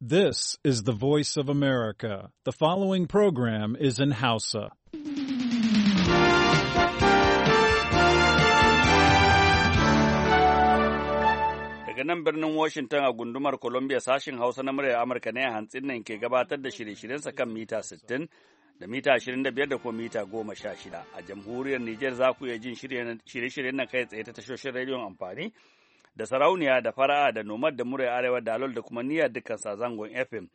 This is the voice of America. The following program is in Hausa. Daga nan birnin Washington a gundumar Columbia sashen Hausa na muryar Amurka ne a hantsin nan ke gabatar da shirye-shiryensa kan mita 60 da mita 25 da kuma mita 16. A jamhuriyar Nijar za ku iya jin shirye-shiryen nan kai tsaye ta tashoshin rediyon amfani da sarauniya da fara'a da nomad da murai arewa da alol da kuma niyya dukkan sa zangon fm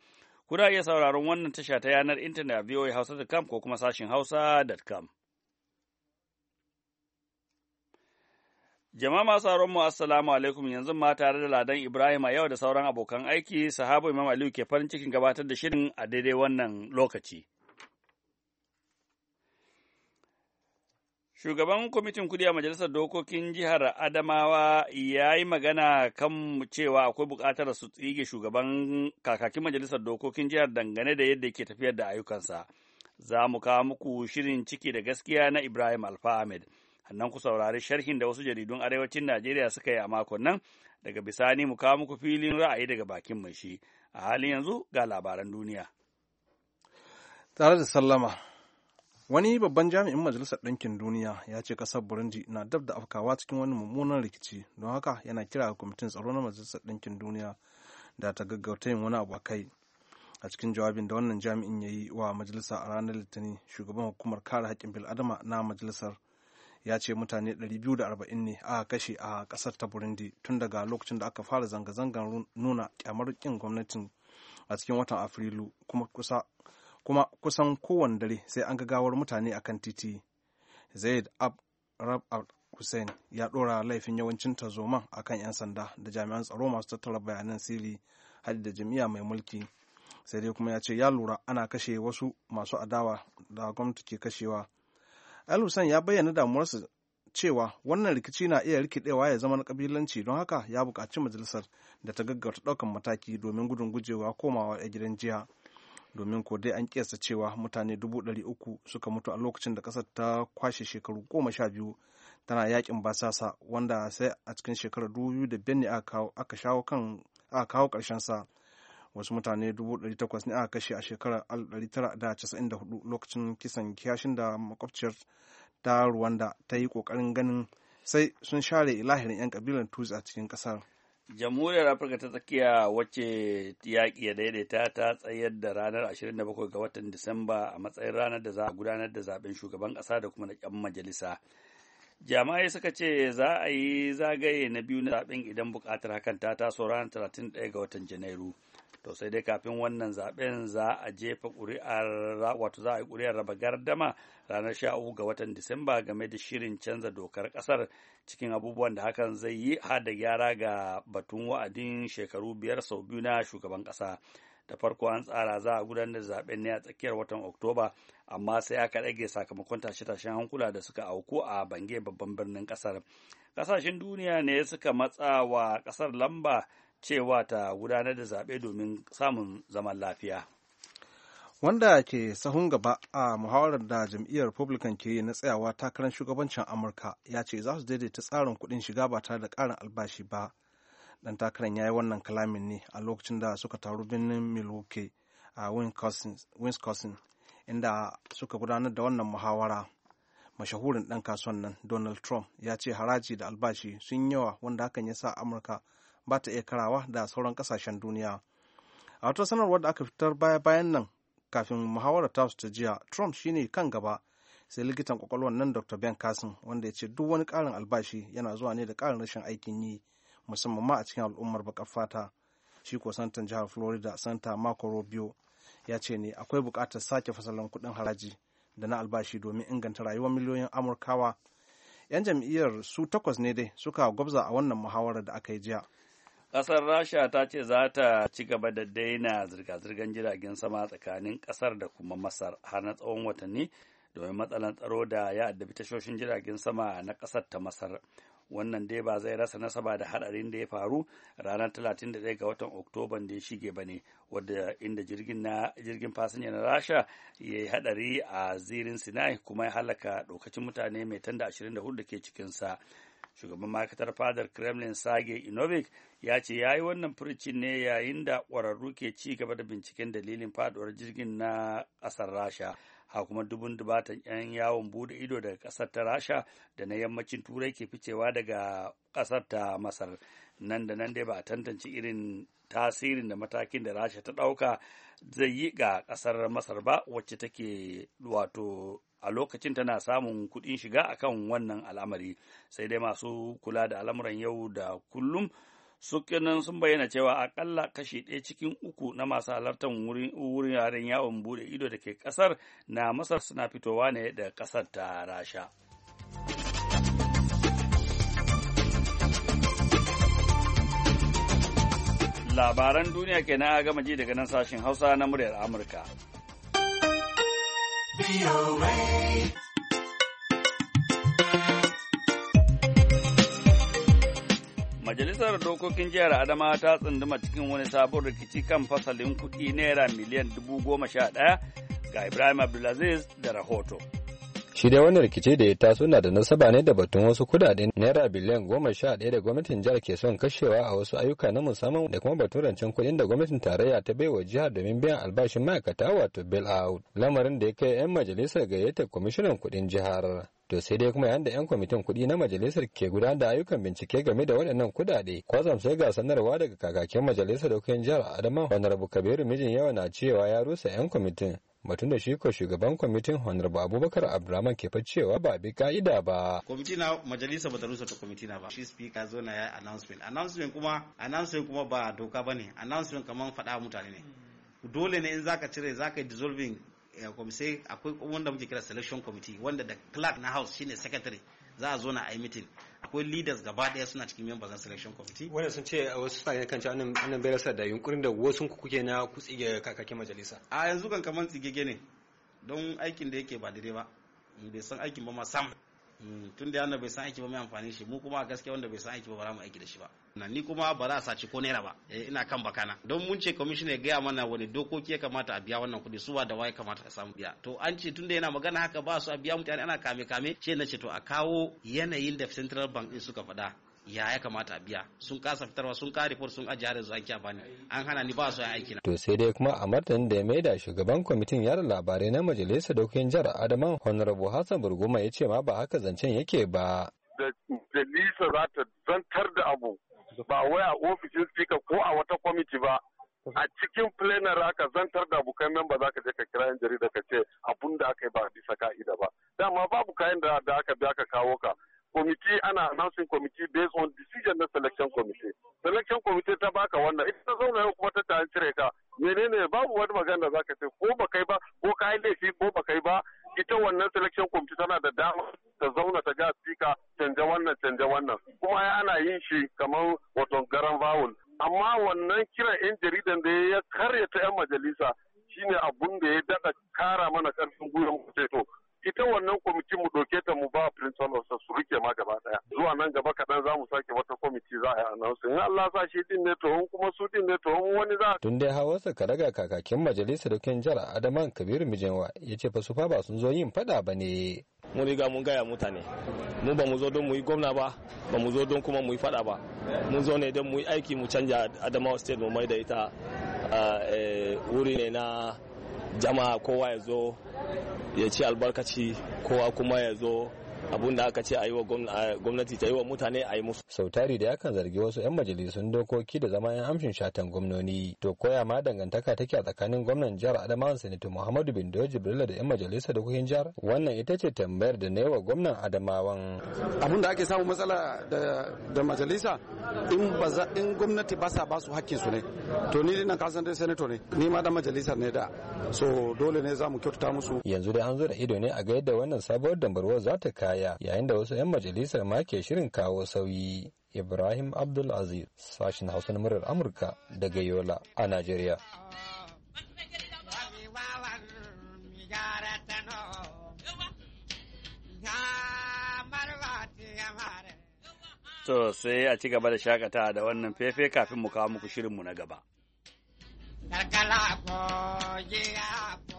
kuna iya sauraron wannan tasha ta yanar intanet a hausa.com ko kuma sashin hausa.com Jama'a masu sauran mu assalamu alaikum yanzu ma tare da Ladan Ibrahim a yau da sauran abokan aiki sahabu Imam Aliyu ke farin cikin gabatar da shirin a daidai wannan lokaci. Shugaban kwamitin kudi a Majalisar Dokokin Jihar Adamawa ya yi magana kan cewa akwai buƙatar su tsige shugaban kakakin Majalisar Dokokin Jihar dangane da yadda ke tafiyar da ayyukansa. Za mu kawo muku shirin ciki da gaskiya na Ibrahim Alfa Ahmed. Hannan ku saurari sharhin da wasu jaridun Arewacin Najeriya suka yi a makon nan. Daga bisani mu kawo muku filin ra'ayi daga bakin mai shi. A halin yanzu ga labaran duniya. Tare da sallama. wani babban jami'in majalisar ɗinkin duniya ya ce ƙasar burundi na dab da afkawa cikin wani mummunan rikici don haka yana kira ga kwamitin tsaro na majalisar ɗinkin duniya da ta gaggauta yin wani abu a kai a cikin jawabin da wannan jami'in ya yi wa majalisa a ranar litinin shugaban hukumar kare haƙƙin bil'adama na majalisar ya ce mutane 240 ne aka kashe a ƙasar ta burundi tun daga lokacin da aka fara zanga-zangar nuna kyamar ƙin gwamnatin a cikin watan afrilu kuma kusa kuma kusan kowane dare sai an ga gawar mutane a kan titi zaid ab al hussein ya ɗora laifin yawancin tarzoman a kan 'yan sanda da jami'an tsaro masu tattara bayanan sirri hadi da jami'a mai mulki sai dai kuma ya ce ya lura ana kashe wasu masu adawa da gwamnati ke kashewa al hussein ya bayyana damuwarsa cewa wannan rikici na iya rikidewa ya zama na kabilanci don haka ya bukaci majalisar da ta gaggauta ɗaukan mataki domin gudun gujewa komawa a gidan jiya. domin ko dai an kiyasta cewa mutane dubu ɗari uku suka mutu a lokacin da ƙasar ta kwashe shekaru goma sha biyu tana yakin basasa wanda sai a cikin shekarar dubu da biyar ne aka shawo kan aka kawo ƙarshen sa wasu mutane dubu ɗari takwas ne aka kashe a shekarar alif ɗari tara da casa'in da hudu lokacin kisan kiyashin da makwabciyar ta ruwanda ta yi ƙoƙarin ganin sai sun share lahirin 'yan ƙabilar tuzi a cikin ƙasar. jamhuriyar afirka ta tsakiya wacce yaƙi ya daidaita ta tsayar da ranar 27 ga watan disamba a matsayin ranar da za a gudanar da zaben shugaban ƙasa da kuma na ƙyan majalisa jama'ai suka ce za a yi zagaye na biyu na zaben idan buƙatar hakan ta taso ranar 31 ga watan janairu to sai dai kafin wannan zaben za a jefa ƙuri'ar wato za a yi ƙuri'ar raba gardama ranar sha uku ga watan disamba game da shirin canza dokar ƙasar cikin abubuwan da hakan zai yi har da gyara ga batun wa'adin shekaru biyar sau biyu na shugaban ƙasa da farko an tsara za a gudanar da zaben ne a tsakiyar watan oktoba amma sai aka ɗage sakamakon tashe-tashen hankula da suka auku a bange babban birnin ƙasar ƙasashen duniya ne suka matsa wa ƙasar lamba cewa ta gudanar da zaɓe domin samun zaman lafiya wanda ke sahun gaba a muhawarar da jam'iyyar republican ke yi na tsayawa takarar shugabancin amurka ya ce za su daidaita tsarin kuɗin shiga ba tare da ƙarin albashi ba dan takarar ya yi wannan kalamin ne a lokacin da suka taru birnin milwaukee a wisconsin inda suka gudanar da wannan muhawara mashahurin ɗan kasuwan nan donald trump ya ce haraji da albashi sun yawa wanda hakan ya sa amurka ba ta iya karawa da sauran kasashen duniya a wata sanarwar da aka fitar baya bayan nan kafin muhawarar tasu ta jiya trump shine kan gaba sai likitan kwakwalwar nan dr ben carson wanda ya ce duk wani karin albashi yana zuwa ne da karin rashin aikin yi musamman ma a cikin al'ummar bakar fata shi ko santan jihar florida santa marco rubio ya ce ne akwai buƙatar sake fasalin kuɗin haraji da na albashi domin inganta rayuwar miliyoyin amurkawa yan jam'iyyar su takwas ne dai suka gwabza a wannan muhawarar da aka yi jiya Ƙasar Rasha ta ce za ta ci gaba da daina zirga-zirgar jiragen sama tsakanin ƙasar da kuma Masar har na tsawon watanni domin matsalan tsaro da ya addabi tashoshin jiragen sama na ƙasar ta Masar. Wannan dai ba zai rasa nasaba da haɗarin da ya faru ranar 31 ga watan Oktoban da ya shige ba ne, wadda inda jirgin fasinja na Rasha ya yi haɗari a zirin Sinai kuma ya halaka ɗaukacin mutane mai tanda 24 da ke cikinsa. shugaban ma'aikatar fadar kremlin sage inovic ya ce ya yi wannan furcin ne yayin da ƙwararru ke ci gaba da binciken dalilin faduwar jirgin na ƙasar rasha a kuma dubun dubatan 'yan yawon bude ido daga ƙasar ta rasha da na yammacin turai ke ficewa daga ƙasar ta masar nan da nan dai ba a tantance irin tasirin da matakin da rasha ta ɗauka zai yi ga ƙasar masar ba wacce take wato a lokacin tana samun kuɗin shiga akan wannan al'amari sai dai masu kula da al'amuran yau da kullum sukinan sun bayyana cewa akalla kashi ɗaya cikin uku na masu halartar wurin yaren yawon bude ido da ke ƙasar na masar suna fitowa ne da ƙasar ta rasha labaran duniya ke na gama ji daga nan sashen hausa na muryar amurka Majalisar Dokokin Jihar Adamawa ta tsunduma cikin wani sabon rikici kan fasalin kuɗi naira miliyan dubu goma sha ɗaya ga Ibrahim Abdulaziz da rahoto. shi dai wani rikici da ya taso na da nasaba ne da batun wasu kudaden naira biliyan goma sha ɗaya da gwamnatin jihar ke son kashewa a wasu ayyuka na musamman da kuma batun rancen kuɗin da gwamnatin tarayya ta baiwa jihar domin biyan albashin ma'aikata wato bail out lamarin da ya kai 'yan majalisar gayyatar kwamishinan kuɗin jihar to sai dai kuma yan da 'yan kwamitin kuɗi na majalisar ke gudanar da ayyukan bincike game da waɗannan kuɗaɗe kwazam sai ga sanarwa daga kakakin majalisar dokokin jihar adama rabu kabiru mijin yawa na cewa ya rusa 'yan kwamitin batun da shi ko shugaban kwamitin honar ba abubakar abdulrahman ke cewa ba bi ka'ida ba kwamiti na majalisa ba ta rusa ta kwamiti na ba shi speaker zo na ya announcement announcement kuma announcement kuma ba doka ba ne announcement kamar faɗa mutane ne dole ne in zaka cire zaka dissolving eh, kwamisai akwai wanda muke kira selection committee wanda da clerk na house shine secretary za a zo na a yi meeting akwai leaders gaba daya suna cikin members na selection committee wanda sun ce uh, wasu suna yin kanci annan annan da yunkurin da wasu ku kuke na kutsi ga kakakin majalisa a yanzu kan kaman tsigege ne don aikin da yake ba daidai ba bai san aikin ba ma sam Mm, tun da yana bai san aiki ba mai amfani shi mu kuma gaskiya wanda bai san aiki ba ba mu aiki da shi ba na ni kuma ba za a saci ko naira ba eh, ina kan bakana don mun ce commission ya gaya mana wani dokoki ya kamata a biya wannan kudi su ba da waye kamata a samu biya to an ce tun da yana magana haka ba su a biya mutane ana kame kame ce na ce to a kawo yanayin da central bank din suka faɗa ya ya kamata biya sun kasa fitarwa sun kare fur sun ajiye yanzu an bani an hana ni ba su aiki na to sai dai kuma a martanin da ya maida shugaban kwamitin yaran labarai na majalisar dokokin jihar adaman Honorable Hassan Burguma ya ce ma ba haka zancen yake ba da majalisa za ta zantar da abu ba wai ofishin speaker ko a wata kwamiti ba a cikin planar aka zantar da abokan memba za ka je ka kira yan jarida ka ce abun da aka yi ba bisa ka'ida ba dama babu kayan da aka bi aka kawo ka committee ana announcing committee based on decision na selection committee selection committee ta baka wannan ita ta zauna yau kuma ta tarin cire ka menene babu wani magana da zaka ce ko ba kai ba ko ka yi laifi ko ba kai ba ita wannan selection committee tana da dama ta zauna ta ga speaker canja wannan canja wannan kuma ya ana yin shi kamar wato garan vowel amma wannan kiran yan jaridan da ya karya ta yan majalisa shine abun da ya daɗa kara mana ƙarfin gwiwa mu ce to ita wannan kwamitin mu ɗauke ta mu ba principal officer su rike ma gaba daya zuwa nan gaba kaɗan za mu sake wata kwamiti za a yi announce in Allah sa shi din ne to in kuma su din ne to in wani za tun dai ka daga kakakin majalisar dokin jihar Adaman Kabiru Mijenwa ya ce fa su fa ba sun zo yin faɗa ba ne mun riga mun gaya mutane mu ba mu zo don mu yi gwamna ba ba mu zo don kuma mu yi fada ba mun zo ne don mu yi aiki mu canja adamawa state mu mai da ita eh, eh, wuri ne na jama'a kowa ya zo ya ci albarkaci kowa kuma ya zo abun da aka ce a yi wa gwamnati ta yi wa mutane a yi musu. Sautari da da yakan zargi wasu 'yan majalisun dokoki da zama 'yan amshin shatan gwamnoni to koya ma dangantaka take a tsakanin gwamnan jihar adamawa sanatu muhammadu Bin bindo jibrila da 'yan majalisa dokokin jihar wannan ita ce tambayar da na yi wa gwamnan adamawan. abun da ake samu matsala da majalisa in in gwamnati ba sa ba su hakkin su ne to ni na kasan dai senator ne ni ma dan majalisa ne da so dole ne za mu kyautata musu yanzu dai an zo da ido ne a ga yadda wannan sabuwar dambarwar za ta kare baya yayin da wasu 'yan majalisar ma ke shirin kawo sauyi. Ibrahim Abdul Aziz, sashen Hausa na murar Amurka daga Yola a Najeriya. To sai a ci gaba da shakata da wannan fefe kafin mu kawo muku shirinmu na gaba. Karkala ko, ko,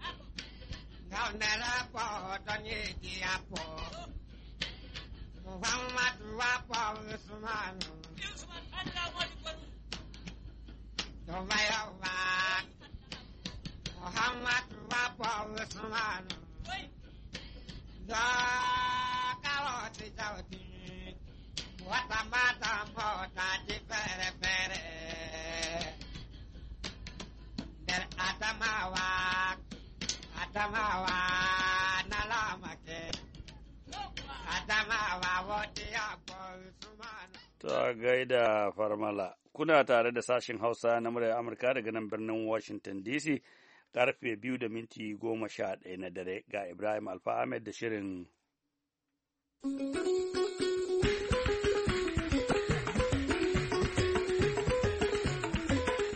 Ọ̀nẹ́lápọ̀ ọ̀dọ́ ní èdè àpọ̀. Muhammadu wapọ̀ Usmanu. Muhammad Muhammadu wapọ̀ Usmanu. Dọ́kàwọ̀ ti jáwọ́tì. Wọ́tà mátà mọ́ tàdí fẹ́rẹ́fẹ́rẹ́. Dẹ̀rẹ̀ àtàmáwá. Adamawa Ta gaida farmala. Kuna tare da sashen Hausa na muryar Amurka daga nan birnin Washington DC karfe biyu da minti goma sha ɗaya na dare ga Ibrahim Alfa Ahmed da shirin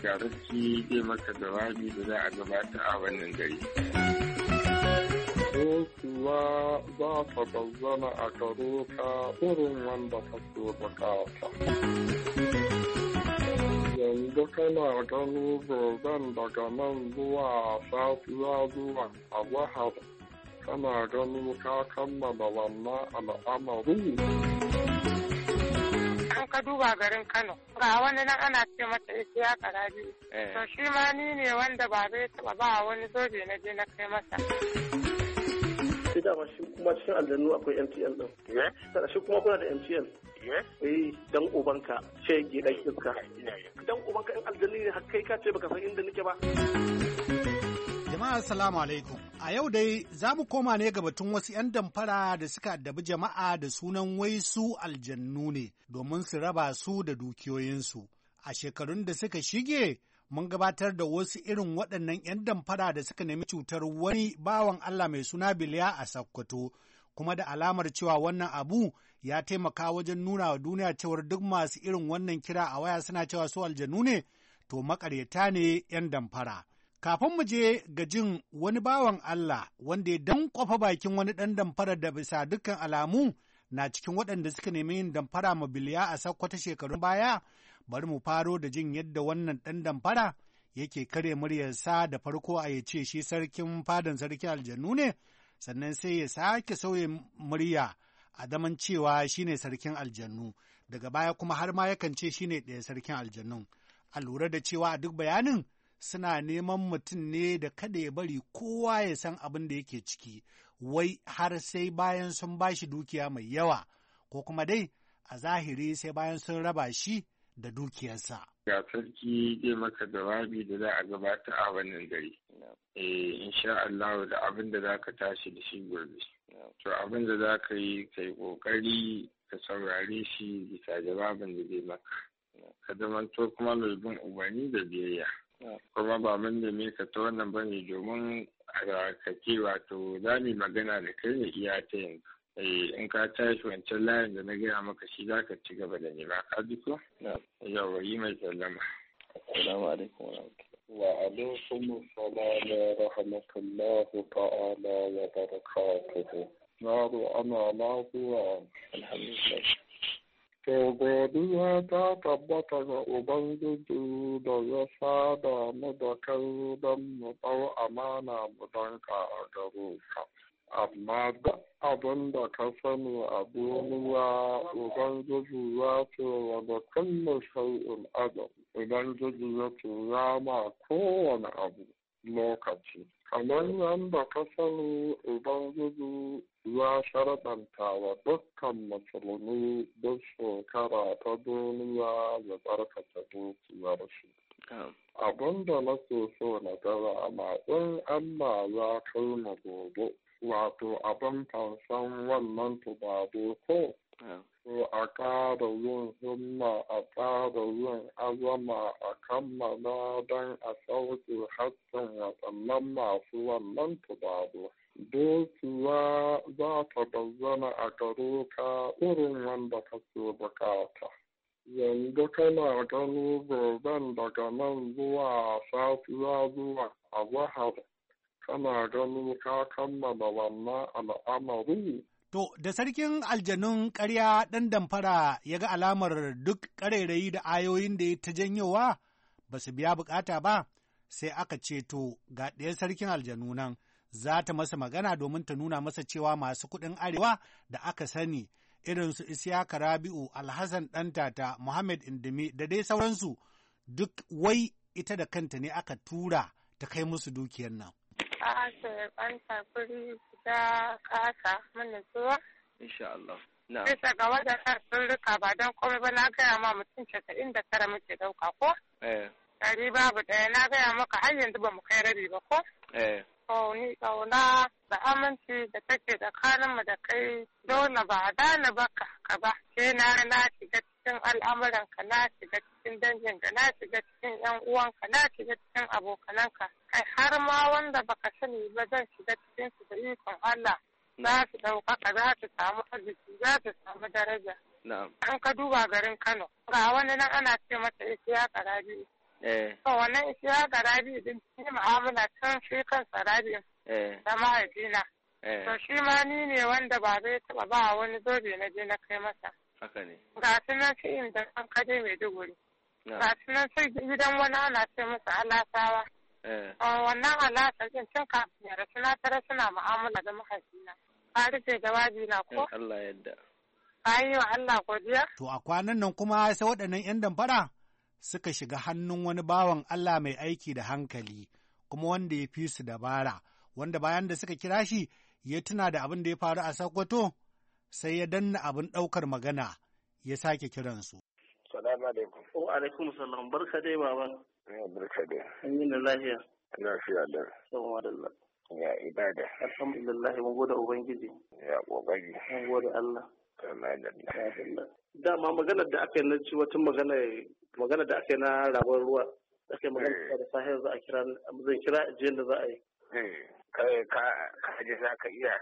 Garabci zai maka jawabi da za a gabata a wannan gari. ko kuwa za ta bazzana a garo ka wanda ka so bukata. Yanzu kana gano goben daga nan zuwa safiya zuwa a wahar kana gano ka kammala wannan al'amarin. An ka duba garin Kano, ga wani nan ana ce mata ita ya karabi. Eh. To shi ma ni ne wanda ba zai taɓa ba wani zobe na je na kai masa. sai dama shi kuma cikin aljannu akwai MTN din sannan shi kuma kuna da MTN eh dan ubanka ce gidan iska dan ubanka in aljanni ne kai ka ce baka san inda nake ba jama'a assalamu alaikum a yau dai za mu koma ne ga batun wasu 'yan damfara da suka addabi jama'a da sunan waisu aljannu ne domin su raba su da dukiyoyinsu a shekarun da suka shige mun gabatar da wasu irin waɗannan 'yan damfara da suka nemi cutar wani bawan Allah mai suna Biliya a Sakkwato, kuma da alamar cewa wannan abu ya taimaka wajen nuna wa duniya cewar duk masu irin wannan kira a waya suna cewa su aljanu ne, to makaryata ne 'yan damfara. Kafin mu je ga jin wani bawan Allah wanda ya dan kwafa bakin wani ɗan damfara da bisa dukkan alamu na cikin waɗanda suka nemi yin damfara ma biliya a sakkwata shekarun baya bari mu faro da jin yadda wannan ɗan damfara yake kare muryarsa da farko a ya ce shi sarkin fadan sarki aljannu ne, sannan sai ya sake sauya murya a zaman cewa shine sarkin aljannu, daga baya kuma har ma yakan ce shine ɗaya sarkin aljanu. A lura da cewa a duk bayanin suna neman mutum ne da kada ya bari kowa ya san abin da yake ciki, wai har sai bayan sun bashi dukiya mai yawa, ko kuma dai a zahiri sai bayan sun raba shi da dukiyarsa. Ga sarki zai maka jawabi da za a gabata a wannan gari. Eh insha Allah da abin da za ka tashi da shi gobe. To abin da za ka yi ka yi ƙoƙari ka saurare shi bisa jawabin da zai maka. Ka zamanto kuma mai bin umarni da biyayya. Kuma ba mun da ka ta wannan bane domin a ka wato za magana da kai ne iya ta yanzu. Eh, in ka tashi wancan layin da na gaya maka shi za ka ci gaba da nema ka ji ko yawa yi mai sallama assalamu alaikum wa alaikum assalam wa rahmatullahi ta'ala wa barakatuhu yaro ana lafiya alhamdulillah To godiya ta tabbata ga Ubangiji da ya sada mu da kai don mu ɗau amana mu don a gare amma duk abin da ka sani a duniya ubangiji ya ce da kullu shay'in adam ubangiji ya ce ya ma kowane abu lokaci kamar yadda ka sani ubangiji ya sharɗanta wa dukkan musulmi duk shekara ta duniya ya tsarkake dukiyar shi abin da nake so na gaba ma in Allah ya kai mu gobe wato abin tausan wannan tubado ko so a ƙara yin himma a ƙara yin azama a kammala don a sauke haƙƙin waɗannan masu wannan tubado dukiya za ta bazzana a gare ka irin wanda kake bukata yanzu kana gano gobe daga nan zuwa safiya zuwa a zahar Kana ganin ka kammala wannan al'amari. To, da sarkin aljanun karya ɗan damfara ya ga alamar duk ƙarairayi da ayoyin da ya ta janyowa ba su biya bukata ba, sai aka ce to ga ɗaya sarkin aljanu nan za ta masa magana domin ta nuna masa cewa masu kuɗin arewa da aka sani irin su Isiyaka Rabi'u, Alhassan Ɗantata, Muhammad Indimi da dai sauransu duk wai ita da kanta ne aka tura ta kai musu dukiyar nan. ƙasa ƙanta kuri guda ƙasa mana zuwa. Insha Allah. Na. Bisa ga waɗannan tsirrika ba don komai ba na gaya ma mutum casa'in da tara muke ɗauka ko? Eh. Dari babu ɗaya na gaya maka har yanzu ba mu kai rabi ba ko? Eh. ƙauna da aminci da take mu da kai dole ba dana ka ba. Sai na na shiga cikin al'amuranka na shiga cikin cikin danginka na shiga cikin yan uwanka na shiga cikin abokananka kai har ma wanda baka sani ba zan shiga cikin su da ikon Allah za su ɗaukaka za su samu arziki za su samu daraja. An ka duba garin Kano ga wani nan ana ce mata isiya karabi. Eh. To wannan isiya karabi din shi ma'amala can shi kansa rabi eh. da mahaifina. Eh. To shi ma ni ne wanda ba zai taɓa ba wani zobe na je na kai masa. Haka ne. Ga su shi inda an kaje Maiduguri. Ga shi nan gidan wani ana ce musu alasawa. Eh. Wannan alasa din cin kafin ya rasu na tara suna mu'amala da mahaifina. Ka rufe jawabi na ko? Eh, Allah yadda. Ka yi wa Allah godiya. To a kwanan nan kuma sai waɗannan 'yan damfara suka shiga hannun wani bawan Allah mai aiki da hankali kuma wanda ya fi su dabara wanda bayan da suka kira shi ya tuna da abin da ya faru a Sokoto sai ya danna abin ɗaukar magana ya sake kiransu. alaikum. Wa alaikum salam. Barka dai baban. Barka dai. Amin yi na lafiya. Lafiya da. Yawwa da Allah. Ya ibada. Alhamdulillah mun gode Ubangiji. Ya kokari. Mun gode Allah. Dama maganar da aka yi na ci wata magana da aka yi na rabon ruwa. Aka yi magana eh. da sahiyar za a kira zan kira ajiyar da za a yi. Eh, ka je za ka iya.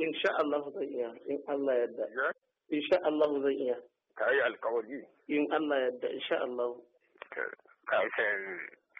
In sha Allah zan iya. In Allah yadda. In sha Allah zan iya. ta yi alkawari in Allah yadda insha Allah karshen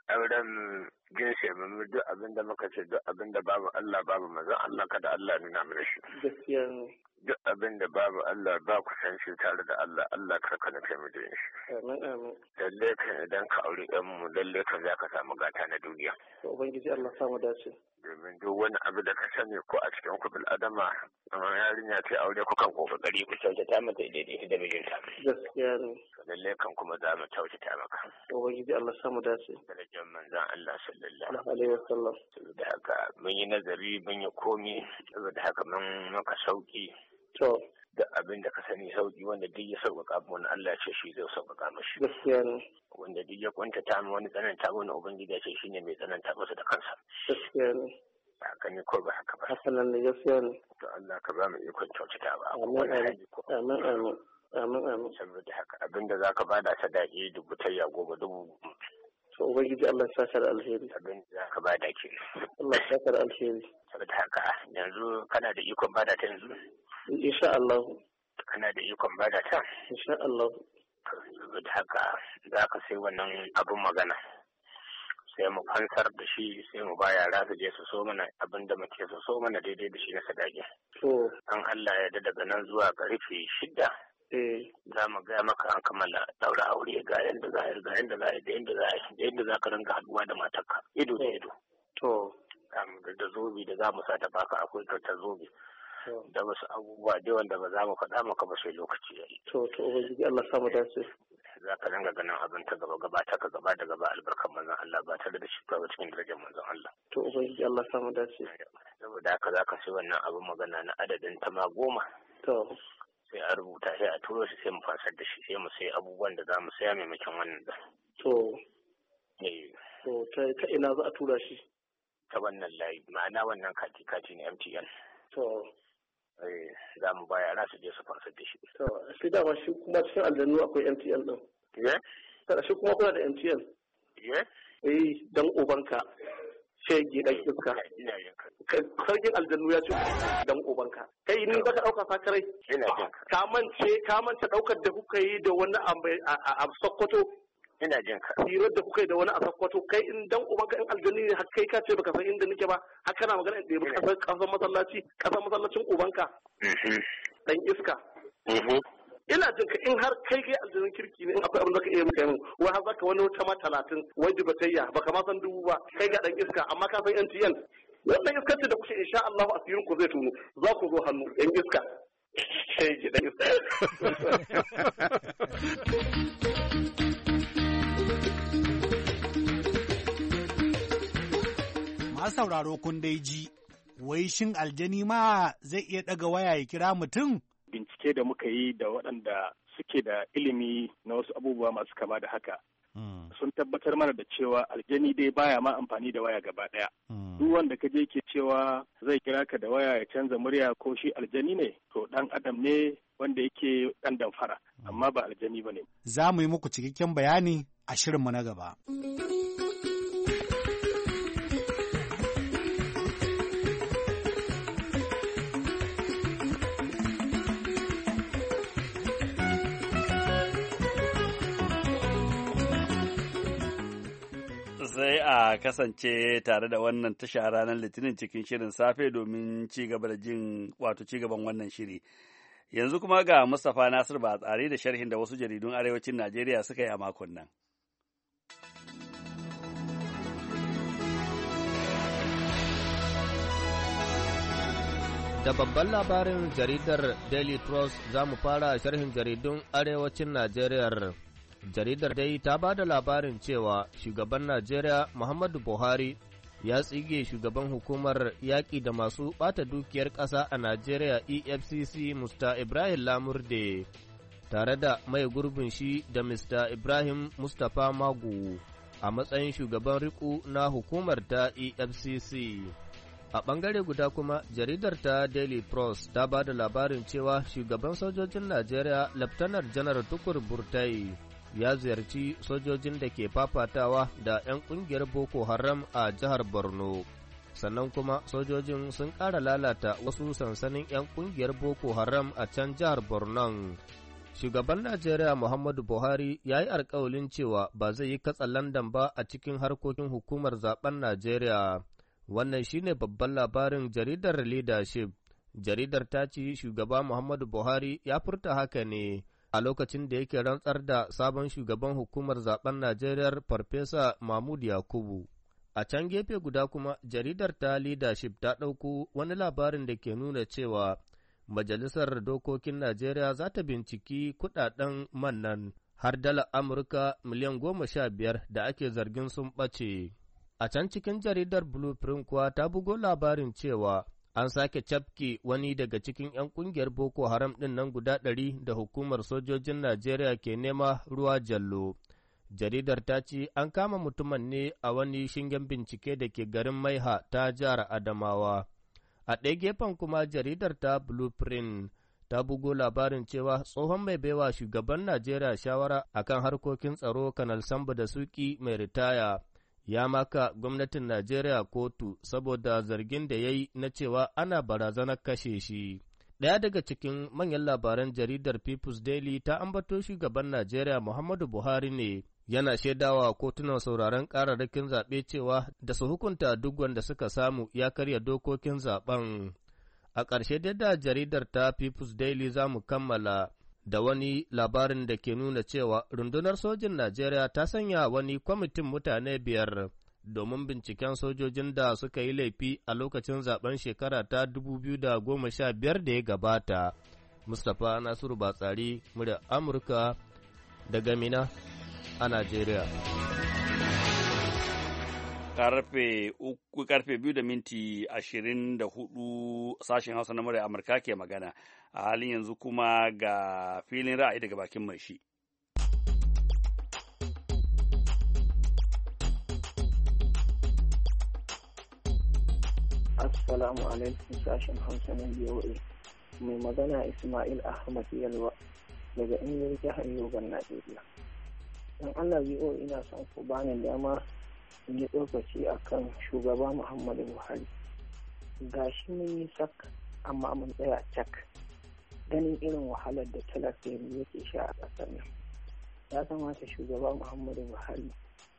auren ginshe mu duk abin da muka ce duk abin da babu Allah babu manzon Allah kada Allah nuna mana shi gaskiya ne duk abin da babu Allah ba ku san shi tare da Allah Allah kar ka nufe mu da shi amin amin lalle kan idan ka aure ɗan mu lalle kan za ka samu gata na duniya ubangiji Allah samu dace domin duk wani abu da ka sani ko a cikin ku bil adama kamar yarinya ce aure ku kan kokari ku ta mata daidai da ta. gaskiya ne lalle kan kuma za mu ta maka ubangiji Allah samu dace da manzon Allah sallallahu rasulullah wasallam da haka mun yi nazari mun yi komi saboda haka mun maka sauki to da abin da ka sani sauki wanda duk ya sauƙaƙa wani Allah ce shi zai sauƙaƙa mashi. Gaskiya ne. Wanda duk ya kwantata min wani tsananta wani ubangiji ce shi ne mai tsananta masa da kansa. Gaskiya ne. Haka ne ko ba haka ba. Hasanan ne gaskiya ne. To Allah ka ba mu ikon kyautata ba. Amin amin. Amin amin. Saboda haka abin da za ka bada sadaki dubu tayya goma dubu to ubangiji Allah ya sakar alheri abin da zaka bada ke Allah ya sakar alheri saboda haka yanzu kana da ikon bada ta yanzu insha Allah kana da ikon bada ta insha Allah saboda haka za ka sai wannan abun magana sai mu kwantar da shi sai mu ba yara su je su so mana abin da muke su so mana daidai da shi na sadaki. To. An Allah ya daga nan zuwa rufe shidda. Eh, za mu gaya maka an kammala daura aure ga yadda za a yi ga yadda za a da yadda za a yi da yadda za ka ringa haduwa da matarka ido da ido to da zobe da za mu sa ta baka akwai kyautar zobi da wasu abubuwa da wanda ba za mu faɗa maka ba sai lokaci ya yi to to ubangiji Allah mu dace za ka dinga ganin abin ta gaba gaba ta ka gaba da gaba albarkar manzon Allah ba tare da shi ba cikin darajar manzon Allah to ubangiji Allah mu dace saboda haka za ka sai wannan abin magana na adadin ta ma goma to sai a rubuta sai a turo shi sai mu fasar da shi sai mu sai abubuwan da za mu saya maimakon wannan da. To. Eh. To ta ina za a tura shi? Ta wannan layi ma'ana wannan kati kati ne MTN. To. Eh, za mu baya ra su je su fasar da shi. To shi dama shi kuma cikin aljannu akwai MTN ɗin. Ye? Eh? Shi kuma kuna da MTN. Ye? Eh dan ubanka. yi dan iska sarkin aljannu ya ce dan ubanka kai ni baka dauka fakarai ka mance ka mance daukar da kuka yi da wani a Sokoto ina jin ka hirar da kuka yi da wani a Sokoto kai in dan ubanka in aljanu ne kai ka ce baka san inda nake ba har kana magana in ɗebi kasan masallaci kasan masallacin ubanka mm-hmm. dan iska mm-hmm. ina jin ka in har kai kai aljanun kirki ne in akwai abin da ka iya maka yamin wai har zaka wani wata ma talatin wai dubatayya baka ma san dubu ba kai ga dan iska amma ka san NTN wannan iskar da kuke insha Allah asirin ku zai tuno za ku zo hannu yan iska sai ji dan iska Ma sauraro kun dai ji wai shin aljani ma zai iya daga waya ya kira mutum bincike da muka yi da waɗanda suke da ilimi na wasu abubuwa masu kama da haka hmm. sun tabbatar mana da cewa aljani dai baya ma amfani da waya gaba daya hmm. duk wanda ka je ke cewa zai kira ka da waya ya canza murya ko shi aljani ne to dan adam ne wanda yake ɗan damfara hmm. amma ba aljani ba ne za mu yi muku cikakken bayani a shirin mu na gaba. sai a kasance tare da wannan tasha ranar litinin cikin shirin safe domin ci gaba da jin wato ci gaban wannan shiri. Yanzu kuma ga Mustapha Nasir ba tsari da sharhin da wasu jaridun arewacin Najeriya suka yi a makon nan. Da babban labarin jaridar Daily Trust za mu fara sharhin jaridun arewacin Najeriya. Jaridar dai ta ba da labarin cewa shugaban Najeriya Muhammadu Buhari ya tsige shugaban hukumar yaƙi da masu ɓata dukiyar ƙasa a Najeriya EFCC Musta Ibrahim Lamurde tare da mai gurbin shi da Mr. Ibrahim Mustapha Magu a matsayin shugaban riƙu na hukumar ta EFCC. A bangare guda kuma jaridar ta Daily Pros ta ba da labarin cewa shugaban sojojin Najeriya Laftanar Janar Tukur Burtai ya ziyarci sojojin da ke fafatawa da 'yan ƙungiyar Boko Haram a jihar Borno. Sannan kuma sojojin sun ƙara lalata wasu sansanin 'yan ƙungiyar Boko Haram a can jihar Borno. Shugaban Najeriya Muhammadu Buhari ya yi alkawalin cewa ba zai yi katsalandan ba a cikin harkokin hukumar zaben Najeriya. Wannan shine babban labarin jaridar leadership. Jaridar ta ce shugaba Muhammadu Buhari ya furta haka ne a lokacin da yake rantsar da sabon shugaban hukumar zaben Najeriya Farfesa Mahmud Yakubu. A can gefe guda kuma jaridar ta leadership ta ɗauko wani labarin da ke nuna cewa Majalisar Dokokin Najeriya za ta binciki kuɗaɗen mannan har dala Amurka miliyan goma sha biyar da ake zargin sun ɓace. A can cikin jaridar Blueprint kuwa ta bugo labarin cewa an sake cafke wani daga cikin 'yan ƙungiyar Boko Haram ɗin nan guda ɗari da hukumar sojojin Najeriya ke nema ruwa jallo. Jaridar ta ce an kama mutumin ne a wani shingen bincike da ke garin Maiha ta jihar Adamawa. A ɗaya gefen kuma jaridar ta Blueprint ta bugo labarin cewa tsohon mai baiwa shugaban Najeriya shawara akan harkokin tsaro Kanal Sambu da Suki mai ritaya. ya maka gwamnatin Najeriya kotu saboda zargin da ya yi na cewa ana barazanar kashe shi. Ɗaya daga cikin manyan labaran jaridar People's Daily ta ambato shugaban Najeriya Muhammadu Buhari ne yana shaidawa kotunan sauraron kararrakin zaɓe cewa da su hukunta duk wanda suka samu ya karya dokokin zaɓen. A ƙarshe da jaridar ta People's Daily za mu kammala da wani labarin da ke nuna cewa rundunar sojin Najeriya ta sanya wani kwamitin mutane biyar domin binciken sojojin da suka yi laifi a lokacin zaben shekara ta 2015 da ya gabata. Mustapha Nasiru Batsari, murya Amurka daga Mina a Najeriya. karfe uku karfe biyu da minti ashirin da hudu sashen hausa na murya amurka ke magana a halin yanzu kuma ga filin ra'ayi daga bakin mai shi assalamu alaikum sashen hausa na voa mai magana ismail ahmad yalwa daga ingil jihar yoban najeriya don allah voa ina son ku bani dama sun yi tsokaci a kan shugaba muhammadu buhari ga shi mun yi sak amma mun tsaya cak ganin irin wahalar da talaka ya yake sha a ƙasar nan ya kamata shugaba muhammadu buhari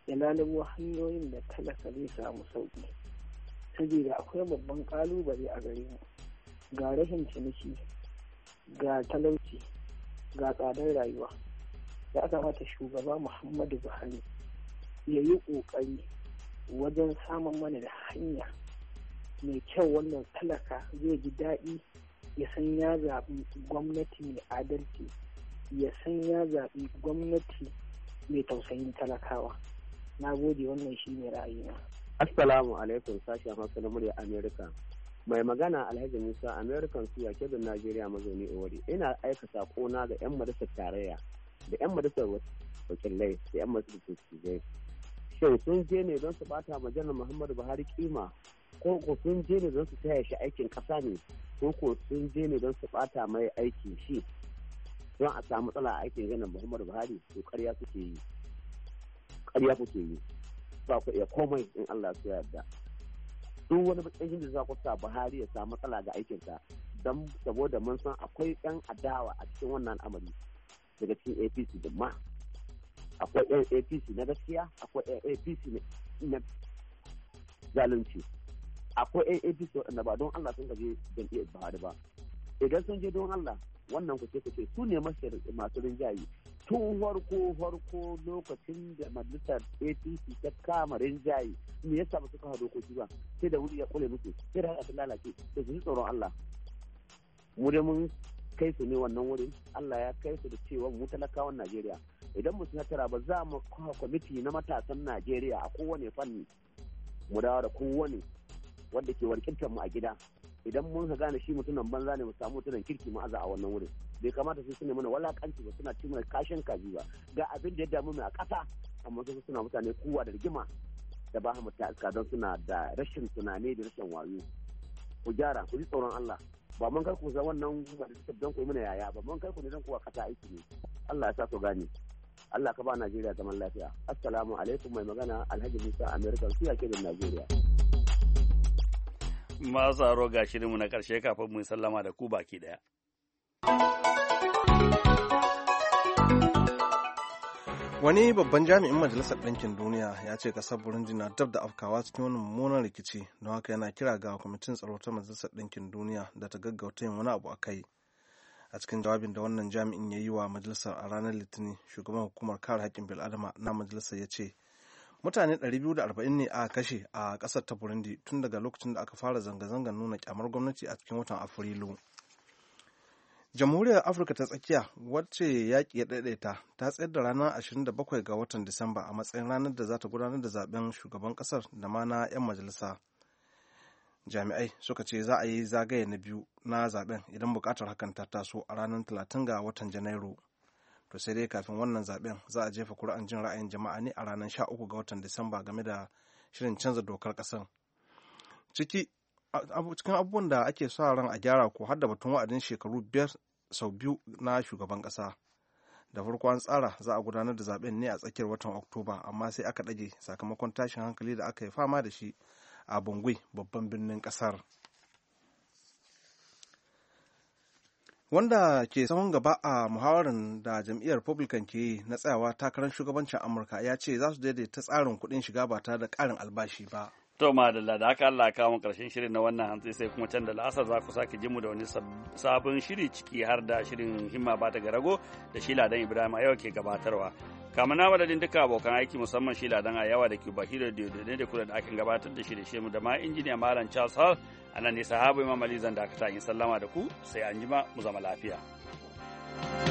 ya lalubo hanyoyin da talaka zai samu sauƙi saboda akwai babban ƙalubale a gare mu ga rashin ciniki ga talauci ga tsadar rayuwa ya kamata shugaba muhammadu buhari ya yi ƙoƙari wajen samun mana da hanya mai kyau wannan talaka zai ji daɗi ya san ya zaɓi gwamnati mai adalci ya san ya zaɓi gwamnati mai tausayin talakawa na gode wannan shi ne ra'ayina assalamu alaikum Sashi a na murya amerika mai magana alhaji musa american suya kebin najeriya mazauni owari ina aika sakona ga 'yan majalisar tarayya da 'yan majalisar wakilai da 'yan majalisar wakilai shin sun je ne don su bata ma janar muhammadu buhari kima ko ko sun je ne don su taya shi aikin kasa ne ko ko sun je ne don su bata mai aikin shi don a samu matsala a aikin janar muhammadu buhari to karya kuke yi karya kuke yi ba ku iya komai in allah su yarda duk wani bakin da za ku sa buhari ya samu matsala ga aikinsa don saboda mun san akwai yan adawa a cikin wannan amari daga cikin apc da ma akwai yan apc na gaskiya akwai yan apc na zalunci akwai yan apc waɗanda ba don allah sun gaje jam'iyyar buhari ba idan sun je don allah wannan kuce kuce su ne masu rinjaye tun farko farko lokacin da majalisar apc ta kama rinjaye me yasa ba su kawo dokoki ba sai da wuri ya kule musu sai da haka ta lalace da su tsoron allah mu dai mun kai su ne wannan wurin allah ya kai su da cewa mu talakawan najeriya idan mu tara ba za mu kuma kwamiti na matasan najeriya a kowane fanni mu dawo da kowane wanda ke warkintar mu a gida idan mun ka gane shi mutumin banza ne mu samu mutumin kirki mu aza a wannan wurin bai kamata su suna mana walakanci ba suna cimma kashin kaji ba ga abin da ya damu mai a kasa amma su suna mutane kowa da rigima da ba mu ta don suna da rashin tunani da rashin wayo ku gyara ku ji tsoron Allah ba mun kar ku za wannan ba da don ku yi mana yaya ba mun kar ku ne don ku a aiki ne Allah ya sa su gane Allah ka ba Najeriya zaman lafiya assalamu alaikum mai magana Alhaji Musa American suya ke Najeriya masu aro ga shirinmu na ƙarshe kafin mu sallama da ku baki ɗaya. Wani babban jami'in Majalisar Ɗinkin Duniya ya ce ƙasar Burundi na dab da afkawa cikin wani mummunan rikici, don haka yana kira ga kwamitin tsaro ta Majalisar Ɗinkin Duniya da ta gaggauta yin wani abu a kai. a cikin jawabin da wannan jami'in ya yi wa majalisar a ranar litinin shugaban hukumar kare haƙƙin bil'adama na majalisar ya ce mutane 240 ne a kashe a ƙasar ta burundi tun daga lokacin da aka fara zanga-zangar nuna kyamar gwamnati a cikin watan afrilu jamhuriyar afirka ta tsakiya wacce yaƙi ya ɗaiɗaita ta tsayar da ranar 27 ga watan disamba a matsayin ranar da za ta gudanar da zaben shugaban ƙasar da ma na 'yan majalisa jami'ai suka ce za a yi zagaye na biyu na zaben idan bukatar hakan ta taso a ranar 30 ga watan janairu to sai dai kafin wannan zaben za a jefa kuri'an jin ra'ayin jama'a ne a ranar 13 ga watan disamba game da shirin canza dokar kasar ciki cikin abubuwan da ake sa ran a gyara ko har da batun wa'adin shekaru biyar sau biyu na shugaban kasa da farko an tsara za a gudanar da zaben ne a tsakiyar watan oktoba amma sai aka ɗage sakamakon tashin hankali da aka yi fama da shi a bangui babban birnin kasar wanda ke sahun gaba a muhawarar da jam'iyyar republican ke yi na tsayawa takarar shugabancin amurka ya ce za su daidaita tsarin kuɗin shiga ba tare da ƙarin albashi ba To ma da haka Allah kawo karshen shirin na wannan hantsi sai kuma can da la'asar za ku sake jimu da wani sabon shiri ciki har da shirin himma ba ta garago da shi ladan Ibrahim a ke gabatarwa. Kama na madadin duka abokan aiki musamman shi ladan a yawa da ke bahira da yodone da kula da akin gabatar da shirye mu da ma injiniya Malam Charles Hall a nan ne sahabu Imam Ali zan ta yin sallama da ku sai an jima mu zama lafiya. thank you